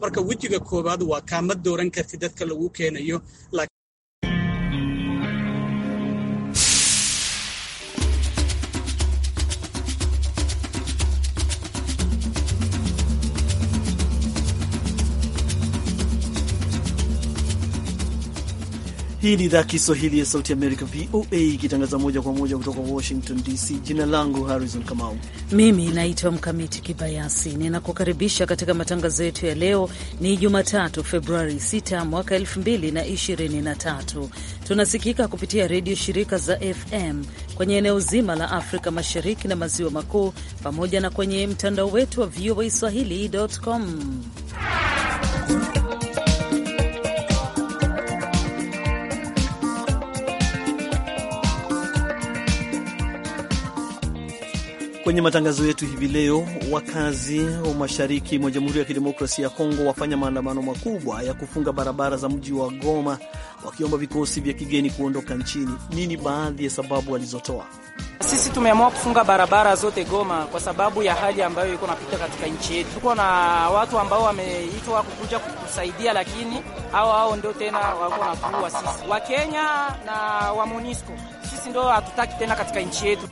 marka wejiga koowaad waa kaama dooran karti dadka lagu keenayo Hii ni idhaa Kiswahili ya Sauti Amerika, VOA, ikitangaza moja kwa moja kutoka Washington DC. Jina langu Harrison Kamau, mimi naitwa Mkamiti Kibayasi, ninakukaribisha katika matangazo yetu ya leo. Ni Jumatatu, Februari 6 mwaka 2023. Tunasikika kupitia redio shirika za FM kwenye eneo zima la Afrika Mashariki na Maziwa Makuu, pamoja na kwenye mtandao wetu wa VOA swahili.com Kwenye matangazo yetu hivi leo, wakazi wa mashariki mwa Jamhuri ya Kidemokrasia ya Kongo wafanya maandamano makubwa ya kufunga barabara za mji wa Goma wakiomba vikosi vya kigeni kuondoka nchini. Nini baadhi ya sababu walizotoa? Sisi tumeamua kufunga barabara zote Goma kwa sababu ya hali ambayo iko napita katika nchi yetu. Tuko na watu ambao wameitwa kukuja kutusaidia, lakini hao hao ndio tena wako kuua sisi Wakenya na wa monisco Sisi ndio hatutaki tena katika nchi yetu.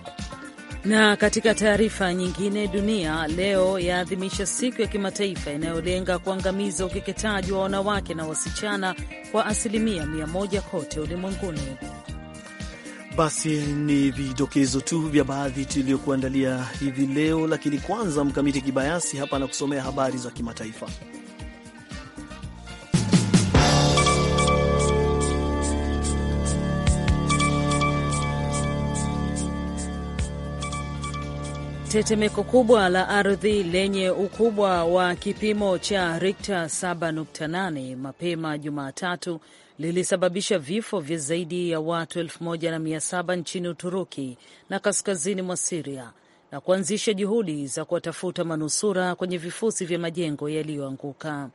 Na katika taarifa nyingine, dunia leo yaadhimisha siku ya kimataifa inayolenga kuangamiza ukeketaji wa wanawake na wasichana kwa asilimia mia moja kote ulimwenguni. Basi ni vidokezo tu vya baadhi tuliyokuandalia hivi leo, lakini kwanza Mkamiti Kibayasi hapa anakusomea habari za kimataifa. Tetemeko kubwa la ardhi lenye ukubwa wa kipimo cha rikta 7.8 mapema Jumatatu lilisababisha vifo vya zaidi ya watu 1700 nchini Uturuki na kaskazini mwa Siria na kuanzisha juhudi za kuwatafuta manusura kwenye vifusi vya majengo yaliyoanguka.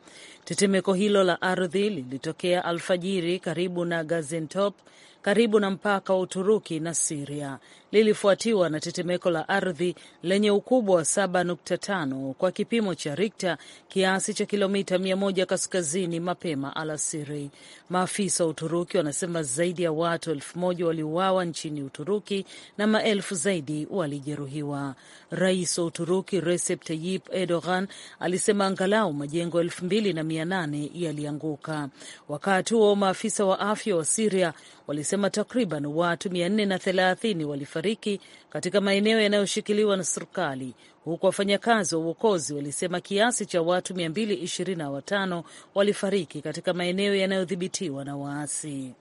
Tetemeko hilo la ardhi lilitokea alfajiri karibu na Gaziantep, karibu na mpaka wa Uturuki na Siria lilifuatiwa na tetemeko la ardhi lenye ukubwa wa 7.5 kwa kipimo cha rikta kiasi cha kilomita 100 kaskazini mapema alasiri. Maafisa wa Uturuki wanasema zaidi ya watu elfu moja waliuawa nchini Uturuki na maelfu zaidi walijeruhiwa. Rais wa Uturuki Recep Tayyip Erdogan alisema angalau majengo 28 yalianguka. Wakati huo maafisa wa afya wa Siria walisema takriban watu 430 walifariki Mashariki katika maeneo yanayoshikiliwa na serikali, huku wafanyakazi wa uokozi walisema kiasi cha watu 225 walifariki katika maeneo yanayodhibitiwa na waasi.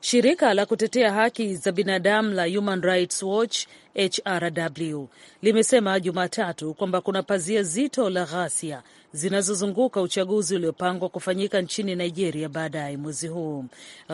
Shirika la kutetea haki za binadamu la Human Rights Watch HRW limesema Jumatatu kwamba kuna pazia zito la ghasia zinazozunguka uchaguzi uliopangwa kufanyika nchini Nigeria baadaye mwezi huu.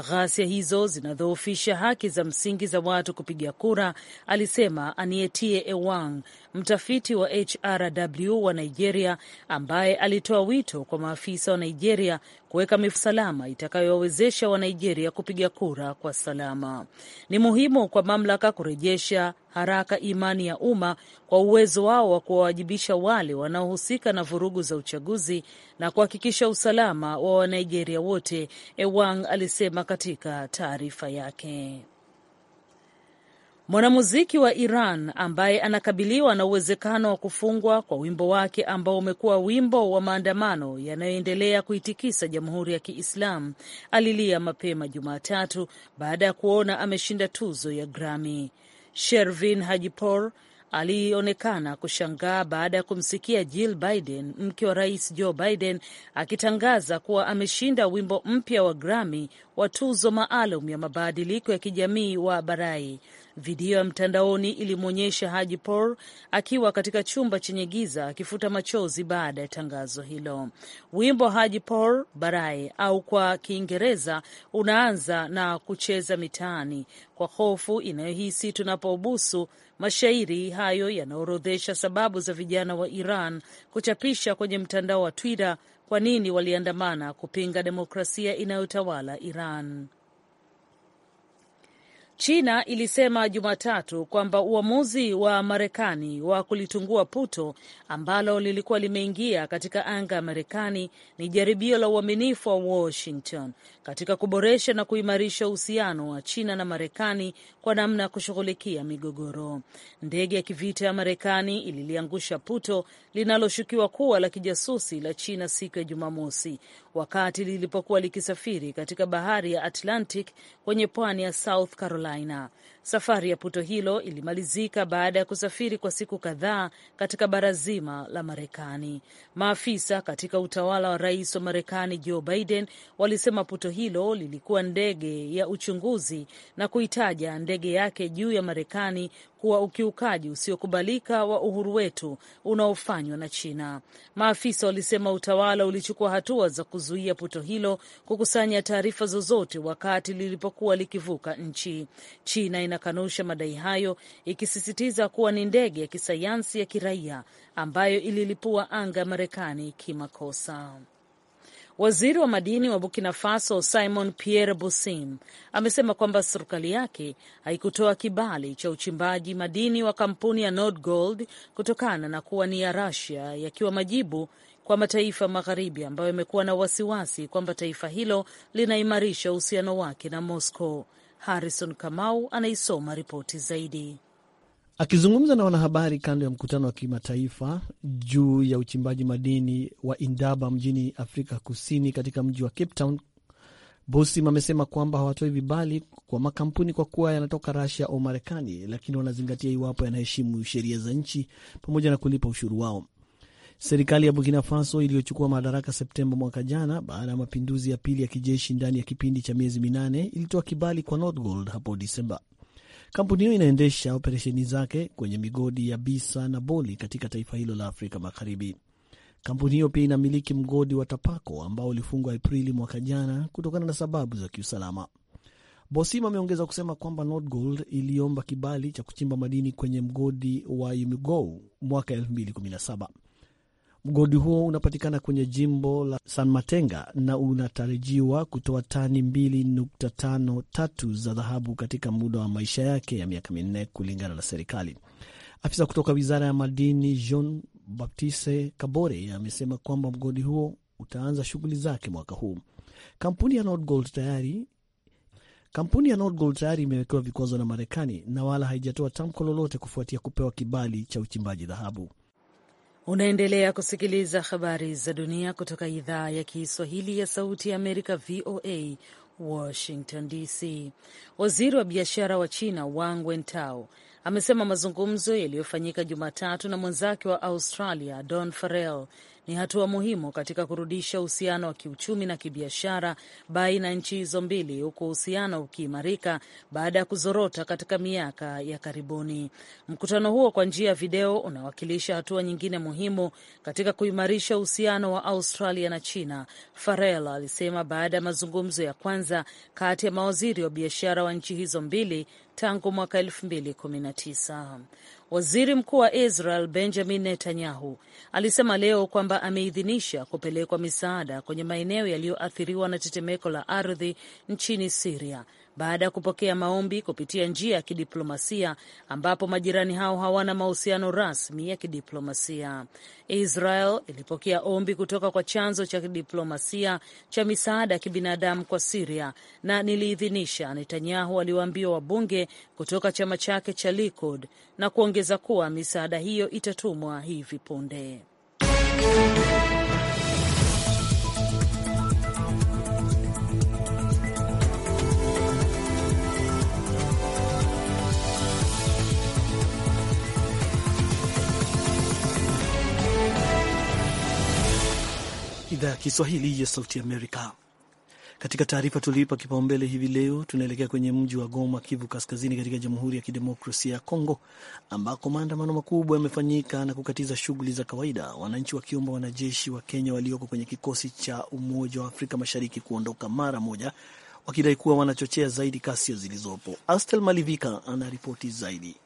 Ghasia hizo zinadhoofisha haki za msingi za watu kupiga kura, alisema Anietie Ewang, mtafiti wa HRW wa Nigeria, ambaye alitoa wito kwa maafisa wa Nigeria kuweka mifumo salama itakayowawezesha Wanigeria kupiga kura kwa salama. Ni muhimu kwa mamlaka kurejesha haraka imani ya umma kwa uwezo wao wa kuwawajibisha wale wanaohusika na vurugu za uchaguzi na kuhakikisha usalama wa Wanigeria wote, Ewang alisema katika taarifa yake. Mwanamuziki wa Iran ambaye anakabiliwa na uwezekano wa kufungwa kwa wimbo wake ambao umekuwa wimbo wa maandamano yanayoendelea kuitikisa Jamhuri ya Kiislamu alilia mapema Jumatatu baada ya kuona ameshinda tuzo ya Grammy. Shervin Hajipour alionekana kushangaa baada ya kumsikia Jill Biden, mke wa rais Joe Biden, akitangaza kuwa ameshinda wimbo mpya wa Grammy wa tuzo maalum ya mabadiliko ya kijamii wa Barai. Video ya mtandaoni ilimwonyesha Haji Por akiwa katika chumba chenye giza akifuta machozi baada ya tangazo hilo. Wimbo Haji Por Barae au kwa Kiingereza unaanza na kucheza mitaani kwa hofu inayohisi tunapobusu Mashairi hayo yanaorodhesha sababu za vijana wa Iran kuchapisha kwenye mtandao wa Twitter kwa nini waliandamana kupinga demokrasia inayotawala Iran. China ilisema Jumatatu kwamba uamuzi wa Marekani wa kulitungua puto ambalo lilikuwa limeingia katika anga ya Marekani ni jaribio la uaminifu wa Washington katika kuboresha na kuimarisha uhusiano wa China na Marekani kwa namna ya kushughulikia migogoro. Ndege ya kivita ya Marekani ililiangusha puto linaloshukiwa kuwa la kijasusi la China siku ya Jumamosi, wakati lilipokuwa likisafiri katika bahari ya Atlantic kwenye pwani ya South Carolina. Safari ya puto hilo ilimalizika baada ya kusafiri kwa siku kadhaa katika bara zima la Marekani. Maafisa katika utawala wa rais wa Marekani Joe Biden walisema puto hilo lilikuwa ndege ya uchunguzi na kuitaja ndege yake juu ya Marekani kuwa ukiukaji usiokubalika wa uhuru wetu unaofanywa na China. Maafisa walisema utawala ulichukua hatua za kuzuia puto hilo kukusanya taarifa zozote wakati lilipokuwa likivuka nchi. China ina inakanusha madai hayo ikisisitiza kuwa ni ndege ya kisayansi ya kiraia ambayo ililipua anga ya Marekani kimakosa. Waziri wa madini wa Burkina Faso Simon Pierre Bosim amesema kwamba serikali yake haikutoa kibali cha uchimbaji madini wa kampuni ya Nord Gold kutokana na kuwa ni ya Rasia, yakiwa majibu kwa mataifa magharibi ambayo yamekuwa na wasiwasi kwamba taifa hilo linaimarisha uhusiano wake na Moscow. Harrison Kamau anaisoma ripoti zaidi. Akizungumza na wanahabari kando ya mkutano wa kimataifa juu ya uchimbaji madini wa Indaba mjini Afrika Kusini, katika mji wa Cape Town, Bosim amesema kwamba hawatoi vibali kwa makampuni kwa kuwa yanatoka Rasia au Marekani, lakini wanazingatia iwapo yanaheshimu sheria za nchi pamoja na kulipa ushuru wao. Serikali ya Burkina Faso iliyochukua madaraka Septemba mwaka jana baada ya mapinduzi ya pili ya kijeshi ndani ya kipindi cha miezi minane ilitoa kibali kwa North hapo Disemba. Kampuni hiyo inaendesha operesheni zake kwenye migodi ya Bisa na Boli katika taifa hilo la Afrika Magharibi. Kampuni hiyo pia inamiliki mgodi wa Tapako ambao ulifungwa Aprili mwaka jana kutokana na sababu za kiusalama. Bosim ameongeza kusema kwamba Nordgold iliomba kibali cha kuchimba madini kwenye mgodi wa Umugou mwaka Mgodi huo unapatikana kwenye jimbo la San Matenga na unatarajiwa kutoa tani 2.53 za dhahabu katika muda wa maisha yake ya miaka minne, kulingana na serikali. Afisa kutoka wizara ya madini Jean Baptiste Kabore amesema kwamba mgodi huo utaanza shughuli zake mwaka huu. Kampuni ya Nordgold tayari kampuni ya Nordgold tayari imewekewa vikwazo na Marekani na wala haijatoa tamko lolote kufuatia kupewa kibali cha uchimbaji dhahabu. Unaendelea kusikiliza habari za dunia kutoka idhaa ya Kiswahili ya Sauti ya Amerika, VOA Washington DC. Waziri wa biashara wa China Wang Wentao amesema mazungumzo yaliyofanyika Jumatatu na mwenzake wa Australia Don Farrell ni hatua muhimu katika kurudisha uhusiano wa kiuchumi na kibiashara baina ya nchi hizo mbili, huku uhusiano ukiimarika baada ya kuzorota katika miaka ya karibuni. Mkutano huo kwa njia ya video unawakilisha hatua nyingine muhimu katika kuimarisha uhusiano wa Australia na China, Farrell alisema baada ya mazungumzo ya kwanza kati ya mawaziri wa biashara wa nchi hizo mbili tangu mwaka 219 Waziri Mkuu wa Israel Benjamin Netanyahu alisema leo kwamba ameidhinisha kupelekwa misaada kwenye maeneo yaliyoathiriwa na tetemeko la ardhi nchini Siria baada ya kupokea maombi kupitia njia ya kidiplomasia, ambapo majirani hao hawana mahusiano rasmi ya kidiplomasia. Israel ilipokea ombi kutoka kwa chanzo cha kidiplomasia cha misaada ya kibinadamu kwa Siria na niliidhinisha, Netanyahu aliwaambia wabunge kutoka chama chake cha Likud na kuongeza kuwa misaada hiyo itatumwa hivi punde. idhaa ya Kiswahili ya Sauti Amerika. Katika taarifa tuliipa kipaumbele hivi leo, tunaelekea kwenye mji wa Goma, Kivu Kaskazini, katika Jamhuri ya Kidemokrasia ya Kongo, ambako maandamano makubwa yamefanyika na kukatiza shughuli za kawaida, wananchi wakiomba wanajeshi wa Kenya walioko kwenye kikosi cha Umoja wa Afrika Mashariki kuondoka mara moja, wakidai kuwa wanachochea zaidi kasia zilizopo. Astel Malivika anaripoti zaidi.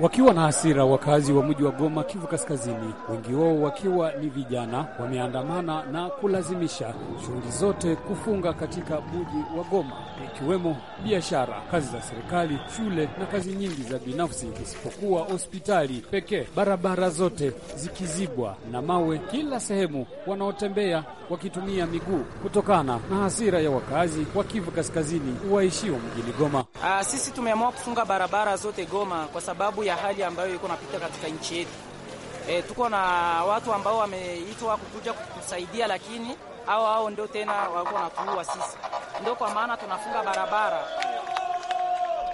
Wakiwa na hasira, wakazi wa mji wa Goma, Kivu Kaskazini, wengi wao wakiwa ni vijana, wameandamana na kulazimisha shughuli zote kufunga katika mji wa Goma, ikiwemo biashara, kazi za serikali, shule na kazi nyingi za binafsi, isipokuwa hospitali pekee. Barabara zote zikizibwa na mawe kila sehemu, wanaotembea wakitumia miguu, kutokana na hasira ya wakazi wa Kivu Kaskazini waishio mjini Goma. Ah, sisi tumeamua kufunga barabara zote Goma kwa sababu sababu ya hali ambayo iko napita katika nchi yetu. E, tuko na watu ambao wameitwa kukuja kutusaidia, lakini hao hao ndio tena wako natuua sisi. Ndio kwa maana tunafunga barabara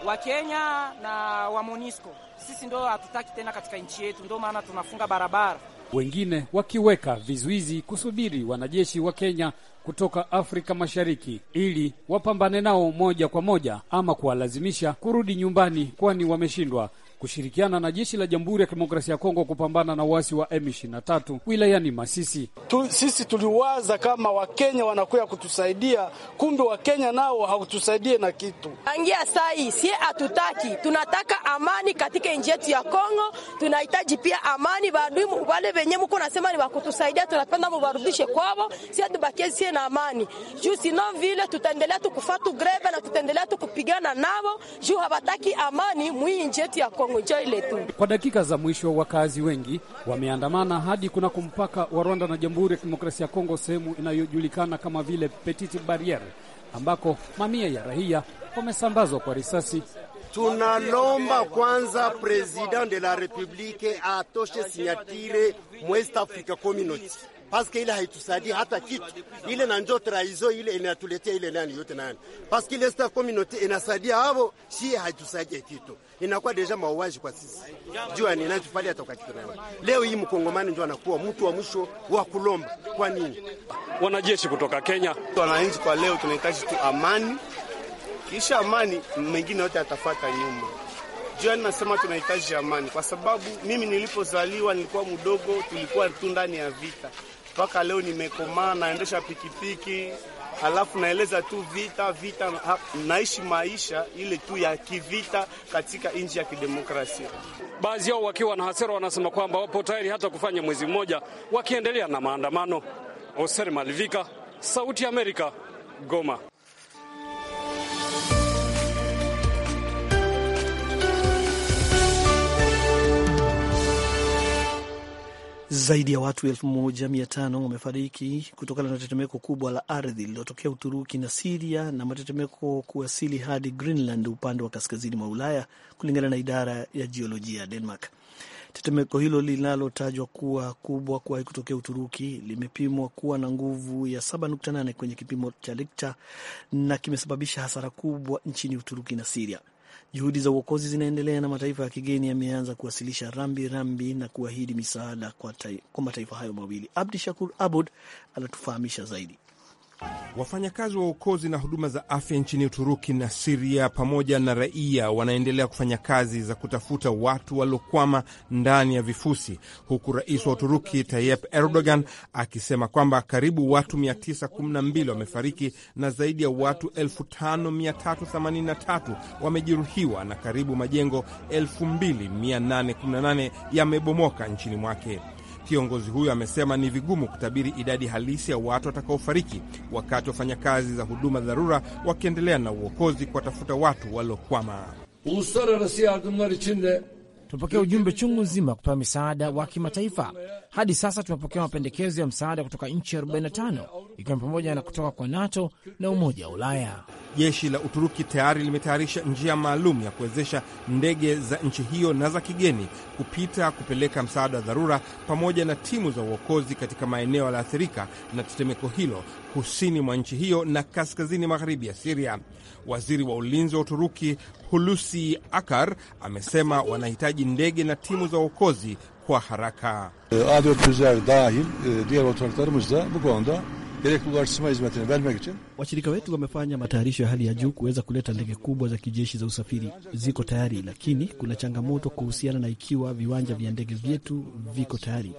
wa Kenya na wa Monisco, sisi ndio hatutaki tena katika nchi yetu, ndio maana tunafunga barabara, wengine wakiweka vizuizi kusubiri wanajeshi wa Kenya kutoka Afrika Mashariki ili wapambane nao moja kwa moja ama kuwalazimisha kurudi nyumbani, kwani wameshindwa kushirikiana na jeshi la Jamhuri ya Kidemokrasia ya Kongo kupambana na uasi wa M23 wilayani Masisi. Tu, sisi tuliwaza kama Wakenya wanakuya kutusaidia, kumbe Wakenya nao hakutusaidie na kitu. Angia sai sie hatutaki, tunataka amani katika nchi yetu ya Kongo. Tunahitaji pia amani, baadui wale venye mko nasema ni wakutusaidia, tunapenda mubarudishe kwavo, sie tubakie sie na amani juu sino vile tutaendelea tukufatu greve na tutaendelea tukupigana navo juu habataki amani mwii nchi yetu ya Kongo. Kongo njo ile tu. Kwa dakika za mwisho, wakazi wengi wameandamana hadi kunako mpaka wa Rwanda na Jamhuri ya Kidemokrasia ya Kongo, sehemu inayojulikana kama vile Petite Barriere, ambako mamia ya raia wamesambazwa kwa risasi. Tunalomba kwanza president de la republique atoshe sinyatire mwest africa community paske ile haitusaidii hata kitu ile, na njo traizo ile inatuletea ile nani yote nani, paske ile staff community inasaidia hapo, si haitusaidii kitu, inakuwa deja mauaji kwa sisi. Jua ni nani tufali hata kitu nani. Leo hii mkongomani ndio anakuwa mtu wa mwisho wa kulomba. Kwa nini wanajeshi kutoka Kenya? Wananchi kwa leo tunahitaji tu amani, kisha amani mengine yote yatafuata nyuma. Juani nasema tunahitaji amani, kwa sababu mimi nilipozaliwa nilikuwa mdogo, tulikuwa tu ndani ya vita mpaka leo nimekomaa, naendesha pikipiki Halafu naeleza tu vita vita, naishi maisha ile tu ya kivita katika nchi ya kidemokrasia. Baadhi yao wakiwa na hasira, wanasema kwamba wapo tayari hata kufanya mwezi mmoja wakiendelea na maandamano. Oser Malivika, Sauti ya Amerika, Goma. Zaidi ya watu 1500 wamefariki kutokana na tetemeko kubwa la ardhi lililotokea Uturuki na Siria na matetemeko kuwasili hadi Greenland upande wa kaskazini mwa Ulaya, kulingana na idara ya jiolojia ya Denmark. Tetemeko hilo linalotajwa kuwa kubwa kuwahi kutokea Uturuki limepimwa kuwa na nguvu ya 7.8 kwenye kipimo cha Richter na kimesababisha hasara kubwa nchini Uturuki na Siria. Juhudi za uokozi zinaendelea na mataifa ya kigeni yameanza kuwasilisha rambi rambi na kuahidi misaada kwa, kwa mataifa hayo mawili. Abdi Shakur Abud anatufahamisha zaidi. Wafanyakazi wa uokozi na huduma za afya nchini Uturuki na Siria pamoja na raia wanaendelea kufanya kazi za kutafuta watu waliokwama ndani ya vifusi, huku rais wa Uturuki Tayyip Erdogan akisema kwamba karibu watu 912 wamefariki na zaidi ya watu 5383 wamejeruhiwa na karibu majengo 2818 yamebomoka nchini mwake. Kiongozi huyo amesema ni vigumu kutabiri idadi halisi ya watu watakaofariki wakati wafanyakazi za huduma dharura wakiendelea na uokozi kuwatafuta watu waliokwama. Uluslararası tupokea ujumbe chungu nzima kupewa misaada wa kimataifa hadi sasa tumepokea mapendekezo ya msaada kutoka nchi 45 ikiwa ni pamoja na kutoka kwa NATO na Umoja wa Ulaya. Jeshi la Uturuki tayari limetayarisha njia maalum ya kuwezesha ndege za nchi hiyo na za kigeni kupita kupeleka msaada wa dharura pamoja na timu za uokozi katika maeneo yaliyoathirika na tetemeko hilo kusini mwa nchi hiyo na kaskazini magharibi ya Siria. Waziri wa ulinzi wa Uturuki Hulusi Akar amesema wanahitaji ndege na timu za uokozi kwa haraka. Adöptüzler dahil e, diğer otoritelerimiz de bu konuda gerekli ulaştırma hizmetini vermek için. Washirika wetu wamefanya matayarisho ya hali ya juu kuweza kuleta ndege kubwa za kijeshi za usafiri. Ziko tayari, lakini kuna changamoto kuhusiana na ikiwa viwanja vya ndege vyetu viko tayari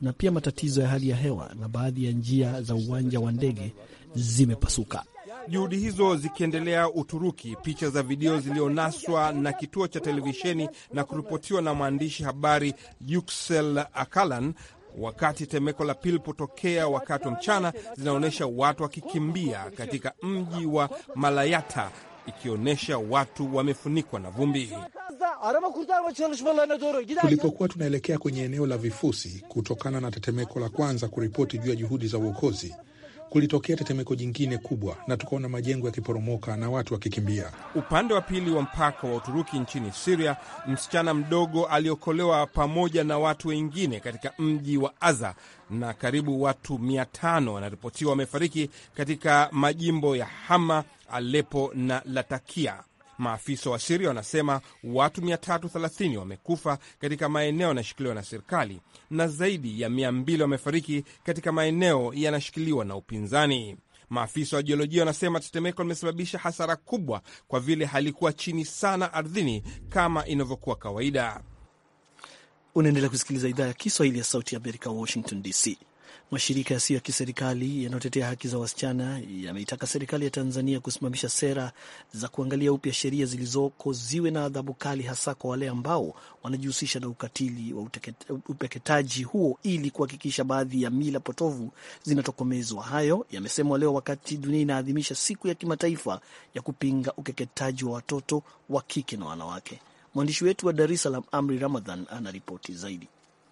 na pia matatizo ya hali ya hewa na baadhi ya njia za uwanja wa ndege zimepasuka. Juhudi hizo zikiendelea, Uturuki, picha za video zilionaswa na kituo cha televisheni na kuripotiwa na mwandishi habari Yüksel Akalan wakati temeko la pili potokea wakati wa mchana, zinaonyesha watu wakikimbia katika mji wa Malayata, ikionyesha watu wamefunikwa na vumbi. Tulipokuwa tunaelekea kwenye eneo la vifusi kutokana na tetemeko la kwanza kuripoti juu ya juhudi za uokozi kulitokea tetemeko jingine kubwa na tukaona majengo yakiporomoka na watu wakikimbia. Upande wa pili wa mpaka wa Uturuki nchini Siria, msichana mdogo aliokolewa pamoja na watu wengine katika mji wa Aza, na karibu watu mia tano wanaripotiwa wamefariki katika majimbo ya Hama, Alepo na Latakia. Maafisa wa Siria wanasema watu 330 wamekufa katika maeneo yanayoshikiliwa na serikali na zaidi ya 200 wamefariki katika maeneo yanashikiliwa na upinzani. Maafisa wa jiolojia wanasema tetemeko limesababisha hasara kubwa kwa vile halikuwa chini sana ardhini kama inavyokuwa kawaida. Unaendelea kusikiliza idhaa ya Kiswahili ya Sauti ya Amerika, Washington DC. Mashirika yasiyo ya kiserikali yanayotetea haki za wasichana yameitaka serikali ya Tanzania kusimamisha sera za kuangalia upya sheria zilizoko ziwe na adhabu kali, hasa kwa wale ambao wanajihusisha na ukatili wa upeketaji huo ili kuhakikisha baadhi ya mila potovu zinatokomezwa. Hayo yamesemwa leo wakati dunia inaadhimisha siku ya kimataifa ya kupinga ukeketaji wa watoto wa kike na wanawake. Mwandishi wetu wa Dar es Salaam, Amri Ramadhan, anaripoti zaidi.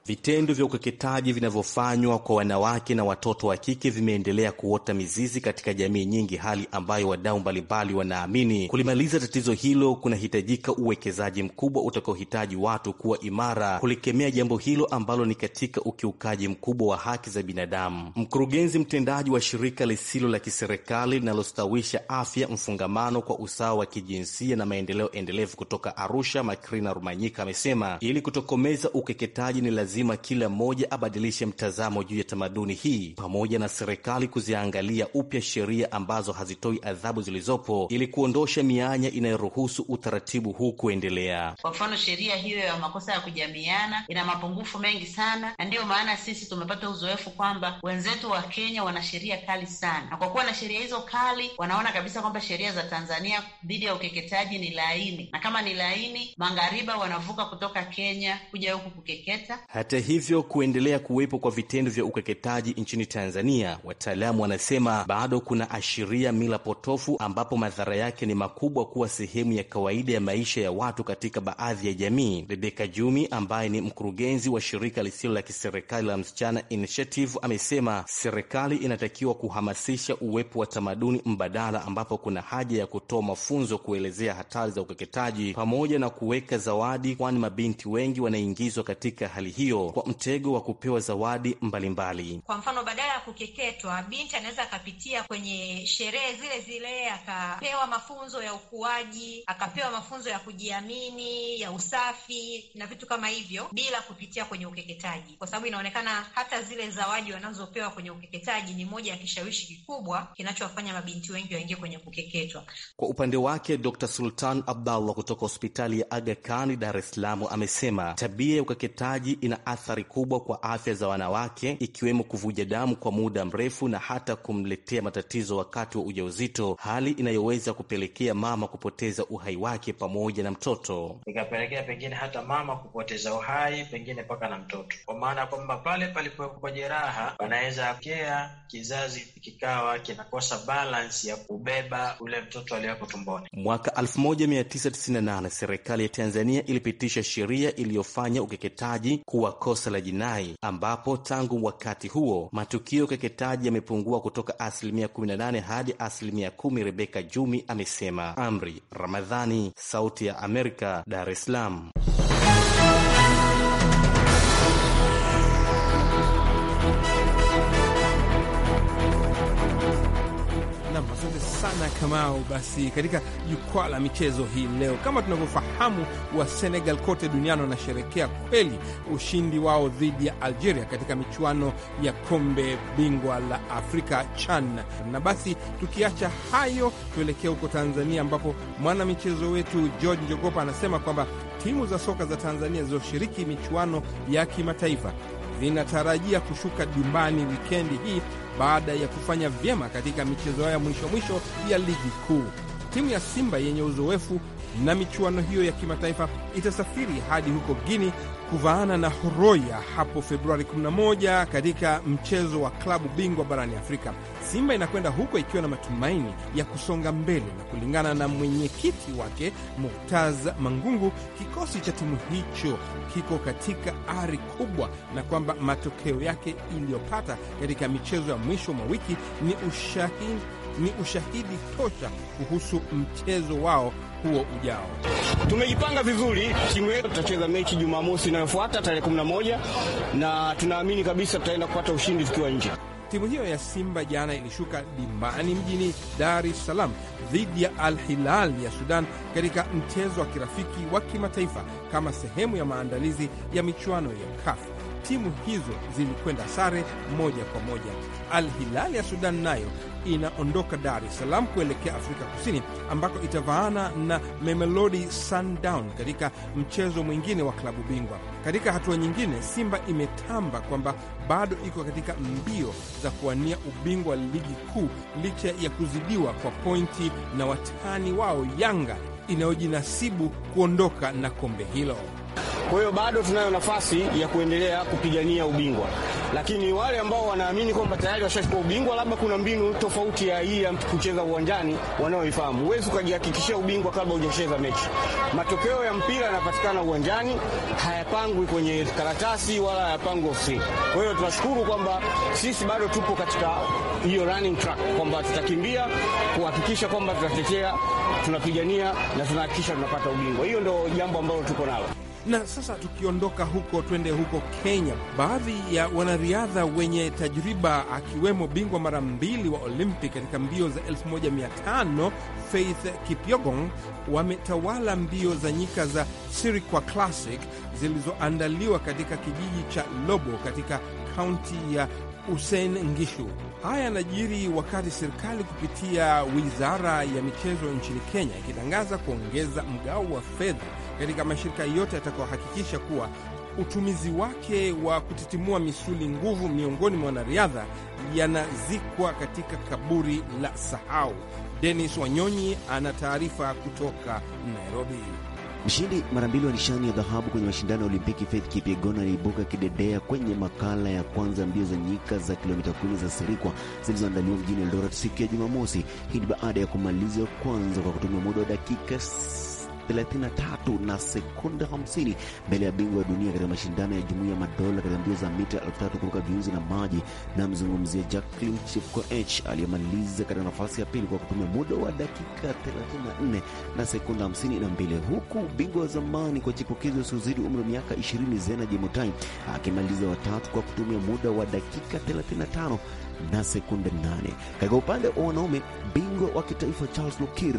Vitendo vya ukeketaji vinavyofanywa kwa wanawake na watoto wa kike vimeendelea kuota mizizi katika jamii nyingi, hali ambayo wadau mbalimbali wanaamini kulimaliza tatizo hilo kunahitajika uwekezaji mkubwa utakaohitaji watu kuwa imara kulikemea jambo hilo ambalo ni katika ukiukaji mkubwa wa haki za binadamu. Mkurugenzi mtendaji wa shirika lisilo la kiserikali linalostawisha afya, mfungamano kwa usawa wa kijinsia na maendeleo endelevu kutoka Arusha, Makrina Rumanyika, amesema ili kutokomeza ukeketaji ni lazima lazima kila mmoja abadilishe mtazamo juu ya tamaduni hii, pamoja na serikali kuziangalia upya sheria ambazo hazitoi adhabu zilizopo ili kuondosha mianya inayoruhusu utaratibu huu kuendelea. Kwa mfano, sheria hiyo ya makosa ya kujamiana ina mapungufu mengi sana, na ndiyo maana sisi tumepata uzoefu kwamba wenzetu wa Kenya wana sheria kali sana, na kwa kuwa na sheria hizo kali, wanaona kabisa kwamba sheria za Tanzania dhidi ya ukeketaji ni laini, na kama ni laini, maghariba wanavuka kutoka Kenya kuja huku kukeketa. Hata hivyo, kuendelea kuwepo kwa vitendo vya ukeketaji nchini Tanzania, wataalamu wanasema bado kuna ashiria mila potofu, ambapo madhara yake ni makubwa kuwa sehemu ya kawaida ya maisha ya watu katika baadhi ya jamii. Rebeka Jumi ambaye ni mkurugenzi wa shirika lisilo la kiserikali la Msichana Initiative amesema serikali inatakiwa kuhamasisha uwepo wa tamaduni mbadala, ambapo kuna haja ya kutoa mafunzo kuelezea hatari za ukeketaji pamoja na kuweka zawadi, kwani mabinti wengi wanaingizwa katika hali hiyo hiyo kwa mtego wa kupewa zawadi mbalimbali mbali. Kwa mfano, badala ya kukeketwa, binti anaweza akapitia kwenye sherehe zile zile, akapewa mafunzo ya ukuaji, akapewa mafunzo ya kujiamini, ya usafi na vitu kama hivyo, bila kupitia kwenye ukeketaji, kwa sababu inaonekana hata zile zawadi wanazopewa kwenye ukeketaji ni moja ya kishawishi kikubwa kinachowafanya mabinti wengi waingie kwenye kukeketwa. Kwa upande wake, Dr. Sultan Abdallah kutoka hospitali ya Aga Khan Dar es Salaam amesema tabia ya ukeketaji ina athari kubwa kwa afya za wanawake, ikiwemo kuvuja damu kwa muda mrefu na hata kumletea matatizo wakati wa ujauzito, hali inayoweza kupelekea mama kupoteza uhai wake pamoja na mtoto, ikapelekea pengine hata mama kupoteza uhai, pengine mpaka na mtoto, kwa maana ya kwamba pale palipowekwa kwa jeraha panaweza kea kizazi kikawa kinakosa balansi ya kubeba ule mtoto aliyoko tumboni. Mwaka 1998 serikali ya Tanzania ilipitisha sheria iliyofanya ukeketaji kuwa kosa la jinai, ambapo tangu wakati huo matukio keketaji yamepungua kutoka asilimia 18 hadi asilimia 10. Rebeka Jumi amesema. Amri Ramadhani, Sauti ya Amerika, Dar es Salaam. sana Kamao. Basi katika jukwaa la michezo hii leo, kama tunavyofahamu, wa Senegal kote duniani wanasherekea kweli ushindi wao dhidi ya Algeria katika michuano ya kombe bingwa la Afrika CHAN. Na basi tukiacha hayo, tuelekea huko Tanzania ambapo mwanamichezo wetu George Njogopa anasema kwamba timu za soka za Tanzania zilizoshiriki michuano ya kimataifa zinatarajia kushuka dimbani wikendi hii baada ya kufanya vyema katika michezo yao ya mwisho mwisho ya ligi kuu. Timu ya Simba yenye uzoefu na michuano hiyo ya kimataifa itasafiri hadi huko Guini kuvaana na Horoya hapo Februari 11 katika mchezo wa klabu bingwa barani Afrika. Simba inakwenda huko ikiwa na matumaini ya kusonga mbele, na kulingana na mwenyekiti wake Muktaz Mangungu, kikosi cha timu hicho kiko katika ari kubwa, na kwamba matokeo yake iliyopata katika michezo ya mwisho mwa wiki ni ushahidi ni ushahidi tosha kuhusu mchezo wao huo ujao. Tumejipanga vizuri, timu yetu tutacheza mechi Jumamosi inayofuata tarehe 11 na tunaamini kabisa tutaenda kupata ushindi tukiwa nje. Timu hiyo ya Simba jana ilishuka dimbani mjini Dar es Salaam dhidi ya Al Hilal ya Sudan katika mchezo wa kirafiki wa kimataifa kama sehemu ya maandalizi ya michuano ya kafu timu hizo zilikwenda sare moja kwa moja. Al Hilal ya Sudan nayo inaondoka Dar es Salaam kuelekea Afrika Kusini ambako itavaana na Mamelodi Sundown katika mchezo mwingine wa klabu bingwa. Katika hatua nyingine, Simba imetamba kwamba bado iko katika mbio za kuwania ubingwa wa ligi kuu licha ya kuzidiwa kwa pointi na watani wao Yanga inayojinasibu kuondoka na kombe hilo. Kwa hiyo bado tunayo nafasi ya kuendelea kupigania ubingwa, lakini wale ambao wanaamini kwamba tayari washachukua ubingwa, labda kuna mbinu tofauti ya hii ya kucheza uwanjani wanaoifahamu. Huwezi ukajihakikishia ubingwa kabla hujacheza mechi. Matokeo ya mpira yanapatikana uwanjani, hayapangwi kwenye karatasi wala hayapangwi ofisini. Kwa hiyo tunashukuru kwamba sisi bado tupo katika hiyo running track kwamba tutakimbia kuhakikisha kwamba tunatetea, tunapigania na tunahakikisha tunapata ubingwa. Hiyo ndio jambo ambalo tuko nalo. Na sasa tukiondoka huko, twende huko Kenya. Baadhi ya wanariadha wenye tajriba akiwemo bingwa mara mbili wa Olympic katika mbio za 1500 Faith Kipyegon wametawala mbio za nyika za Sirikwa Classic zilizoandaliwa katika kijiji cha Lobo katika kaunti ya Hussein Ngishu. Haya yanajiri wakati serikali kupitia wizara ya michezo nchini Kenya ikitangaza kuongeza mgao wa fedha katika mashirika yote yatakayohakikisha kuwa utumizi wake wa kutitimua misuli nguvu miongoni mwa wanariadha yanazikwa katika kaburi la sahau. Denis Wanyonyi ana taarifa kutoka Nairobi. Mshindi mara mbili wa nishani ya dhahabu kwenye mashindano ya Olimpiki Faith Kipyegon aliibuka kidedea kwenye makala ya kwanza mbio za nyika za kilomita kumi za Sirikwa zilizoandaliwa mjini Eldoret siku ya Jumamosi. Hii baada ya kumaliza kwanza kwa kutumia muda wa dakika 33 na sekunde 50 mbele ya bingwa wa dunia katika mashindano ya jumuiya ya madola katika mbio za mita 3000 kuruka viunzi na maji. Namzungumzia Jacqueline Chepkoech aliyemaliza katika nafasi ya pili kwa kutumia muda wa dakika 34 na sekunde 52, huku bingwa wa zamani kwa chipukizi usiozidi umri wa miaka 20 Zena Jemutai akimaliza watatu kwa kutumia muda wa dakika 35 na sekunde 8. Katika upande wa wanaume, bingwa wa kitaifa Charles Lukir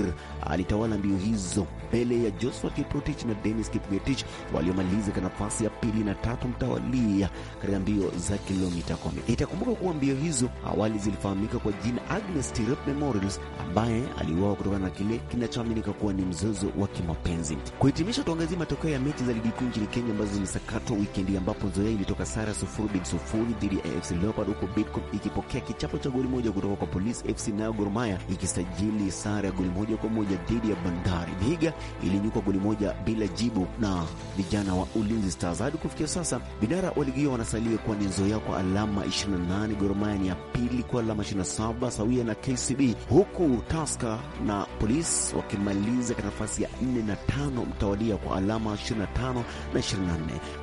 alitawala mbio hizo mbele ya Joshua Kiprotich na Dennis Kipgetich waliomaliza katika nafasi ya pili na tatu mtawalia katika mbio za kilomita kumi. Itakumbuka kuwa mbio hizo awali zilifahamika kwa jina Agnes Tirop Memorials, ambaye aliuawa kutokana na kile kinachoaminika kuwa ni mzozo wa kimapenzi. Kuhitimisha, tuangazie matokeo ya mechi za ligi kuu nchini Kenya ambazo zilisakatwa wikendi, ambapo Nzoia ilitoka sare sufuri bin sufuri dhidi ya AFC Leopards huko Bidco ikipo kupokea kichapo cha goli moja kutoka kwa Police FC, nayo Gor Mahia ikisajili sare ya goli moja kwa moja dhidi ya Bandari. Vihiga ilinyuka goli moja bila jibu na vijana wa Ulinzi Stars. Hadi kufikia sasa vinara wa ligi hiyo wanasalia kuwa nenzo yao kwa alama 28. Gor Mahia ni ya pili kwa alama 27 sawia na KCB, huku Taska na Police wakimaliza katika nafasi ya 4 na 5 mtawalia kwa alama 25 na 24.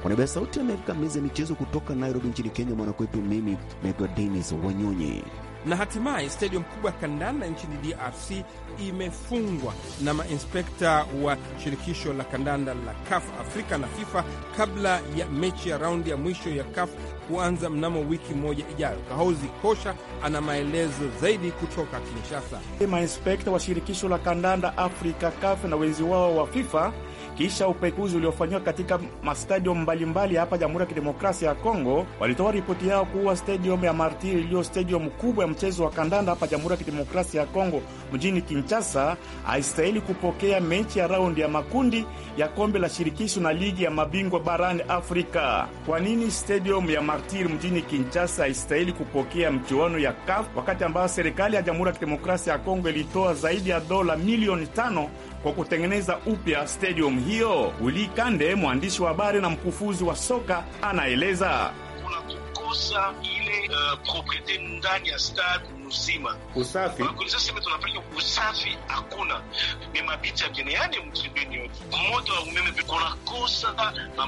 Kwa niaba ya Sauti ya Amerika, meza ya michezo kutoka Nairobi nchini Kenya, mwanakwetu, mimi naitwa Denis Manyunyi. Na hatimaye stadium kubwa ya kandanda nchini DRC imefungwa na mainspekta wa shirikisho la kandanda la CAF Afrika na FIFA kabla ya mechi ya raundi ya mwisho ya CAF kuanza mnamo wiki moja ijayo. Kahozi Kosha ana maelezo zaidi kutoka Kinshasa. Mainspekta wa shirikisho la kandanda Afrika CAF na wenzi wao wa FIFA kisha upekuzi uliofanywa katika mastadium mbalimbali hapa Jamhuri ya Kidemokrasia ya Kongo, walitoa ripoti yao kuwa stadium ya Martiri iliyo stadium kubwa ya mchezo wa kandanda hapa Jamhuri ya Kidemokrasia ya Kongo mjini Kinshasa haistahili kupokea mechi ya raundi ya makundi ya kombe la shirikisho na ligi ya mabingwa barani Afrika. Kwa nini stadium ya Martiri mjini Kinshasa haistahili kupokea mchuano ya CAF wakati ambayo serikali ya Jamhuri ya Kidemokrasia ya Kongo ilitoa zaidi ya dola milioni tano kwa kutengeneza upya stadium hiyo. Willy Kande, mwandishi wa habari na mkufuzi wa soka, anaeleza kunakukosa ile uh, propriete ndani ya stadi uzima. Usafi unakuliza sema tunafanya usafi, hakuna ni mabicha gani? Yani mjini yaani moto wa umeme kunakosa na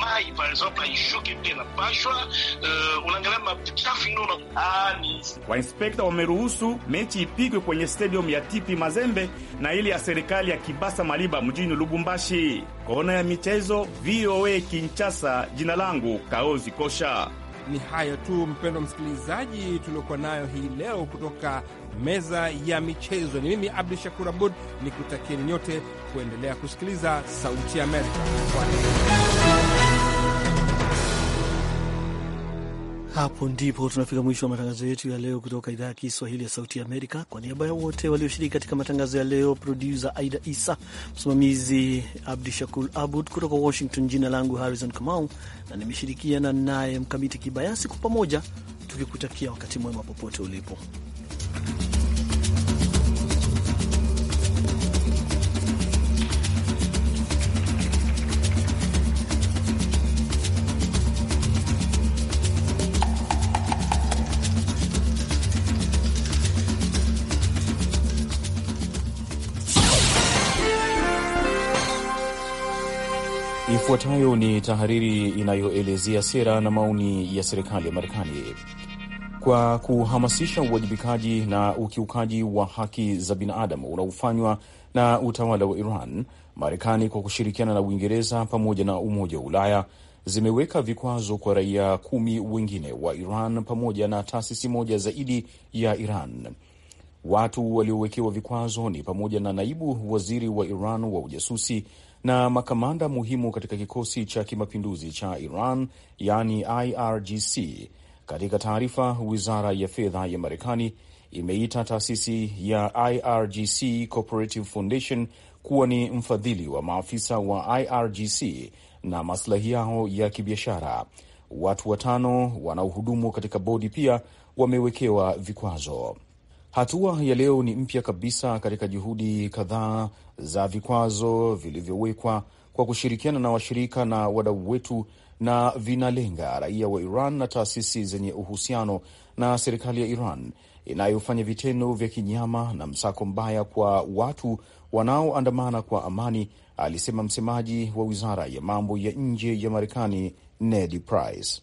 mai par exemple aishuke pia bashwa. uh, eh, unaangalia machafu ndio na ani. Kwa Wainspekta wameruhusu mechi ipigwe kwenye stadium ya TP Mazembe na ile ya serikali ya Kibasa Maliba mjini Lubumbashi. Kona ya michezo, VOA Kinshasa. Jina langu Kaozi Kosha. Ni hayo tu, mpendo msikilizaji, tuliokuwa nayo hii leo kutoka meza ya michezo. Ni mimi Abdu Shakur Abud ni kutakieni nyote kuendelea kusikiliza Sauti ya Amerika. Hapo ndipo tunafika mwisho wa matangazo yetu ya leo kutoka idhaa ya Kiswahili ya Sauti ya Amerika. Kwa niaba ya wote walioshiriki katika matangazo ya leo, produsa Aida Isa, msimamizi Abdu Shakur Abud kutoka Washington, jina langu Harrison Kamau na nimeshirikiana naye Mkamiti Kibayasi, kwa pamoja tukikutakia wakati mwema popote ulipo. Ifuatayo ni tahariri inayoelezea sera na maoni ya serikali ya Marekani. Kwa kuhamasisha uwajibikaji na ukiukaji wa haki za binadamu unaofanywa na utawala wa Iran, Marekani kwa kushirikiana na Uingereza pamoja na Umoja wa Ulaya zimeweka vikwazo kwa raia kumi wengine wa Iran pamoja na taasisi moja zaidi ya Iran. Watu waliowekewa vikwazo ni pamoja na naibu waziri wa Iran wa ujasusi na makamanda muhimu katika kikosi cha kimapinduzi cha Iran yani IRGC. Katika taarifa, wizara ya fedha ya Marekani imeita taasisi ya IRGC Cooperative Foundation kuwa ni mfadhili wa maafisa wa IRGC na maslahi yao ya kibiashara. Watu watano wanaohudumu katika bodi pia wamewekewa vikwazo. Hatua ya leo ni mpya kabisa katika juhudi kadhaa za vikwazo vilivyowekwa kwa kushirikiana na washirika na wadau wetu na vinalenga raia wa Iran na taasisi zenye uhusiano na serikali ya Iran inayofanya vitendo vya kinyama na msako mbaya kwa watu wanaoandamana kwa amani, alisema msemaji wa wizara ya mambo ya nje ya Marekani Ned Price.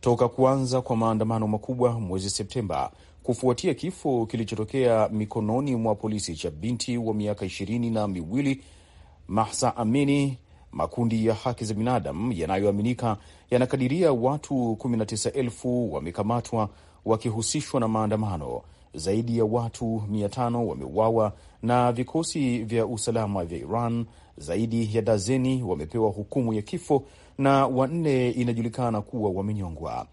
Toka kuanza kwa maandamano makubwa mwezi Septemba, kufuatia kifo kilichotokea mikononi mwa polisi cha binti wa miaka ishirini na miwili Mahsa Amini. Makundi ya haki za binadamu yanayoaminika yanakadiria watu 19,000 wamekamatwa wakihusishwa na maandamano. Zaidi ya watu 500 wameuawa na vikosi vya usalama vya Iran. Zaidi ya dazeni wamepewa hukumu ya kifo na wanne inajulikana kuwa wamenyongwa.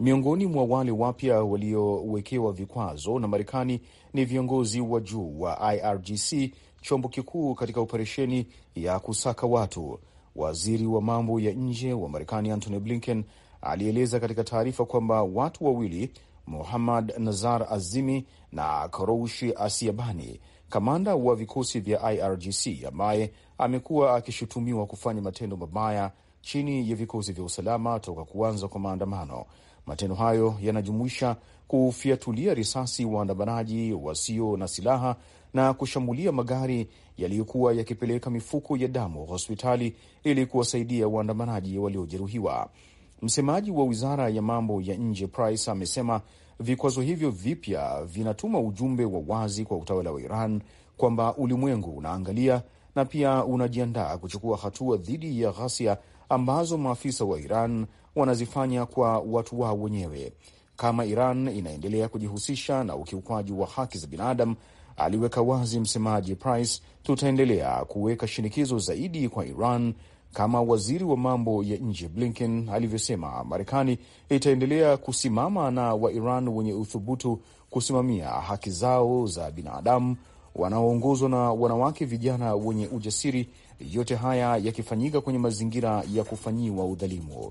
Miongoni mwa wale wapya waliowekewa vikwazo na Marekani ni viongozi wa juu wa IRGC, chombo kikuu katika operesheni ya kusaka watu. Waziri wa mambo ya nje wa Marekani Antony Blinken alieleza katika taarifa kwamba watu wawili, Muhammad Nazar Azimi na Karoushi Asiabani, kamanda wa vikosi vya IRGC ambaye amekuwa akishutumiwa kufanya matendo mabaya chini ya vikosi vya usalama toka kuanza kwa maandamano Matendo hayo yanajumuisha kufyatulia risasi waandamanaji wasio na silaha na kushambulia magari yaliyokuwa yakipeleka mifuko ya damu hospitali ili kuwasaidia waandamanaji waliojeruhiwa. Msemaji wa wizara ya mambo ya nje Price amesema vikwazo hivyo vipya vinatuma ujumbe wa wazi kwa utawala wa Iran kwamba ulimwengu unaangalia na pia unajiandaa kuchukua hatua dhidi ya ghasia ambazo maafisa wa Iran wanazifanya kwa watu wao wenyewe. Kama Iran inaendelea kujihusisha na ukiukwaji wa haki za binadamu, aliweka wazi msemaji Price, tutaendelea kuweka shinikizo zaidi kwa Iran kama waziri wa mambo ya nje Blinken alivyosema, Marekani itaendelea kusimama na Wairan wenye uthubutu kusimamia haki zao za binadamu, wanaoongozwa na wanawake vijana wenye ujasiri, yote haya yakifanyika kwenye mazingira ya kufanyiwa udhalimu.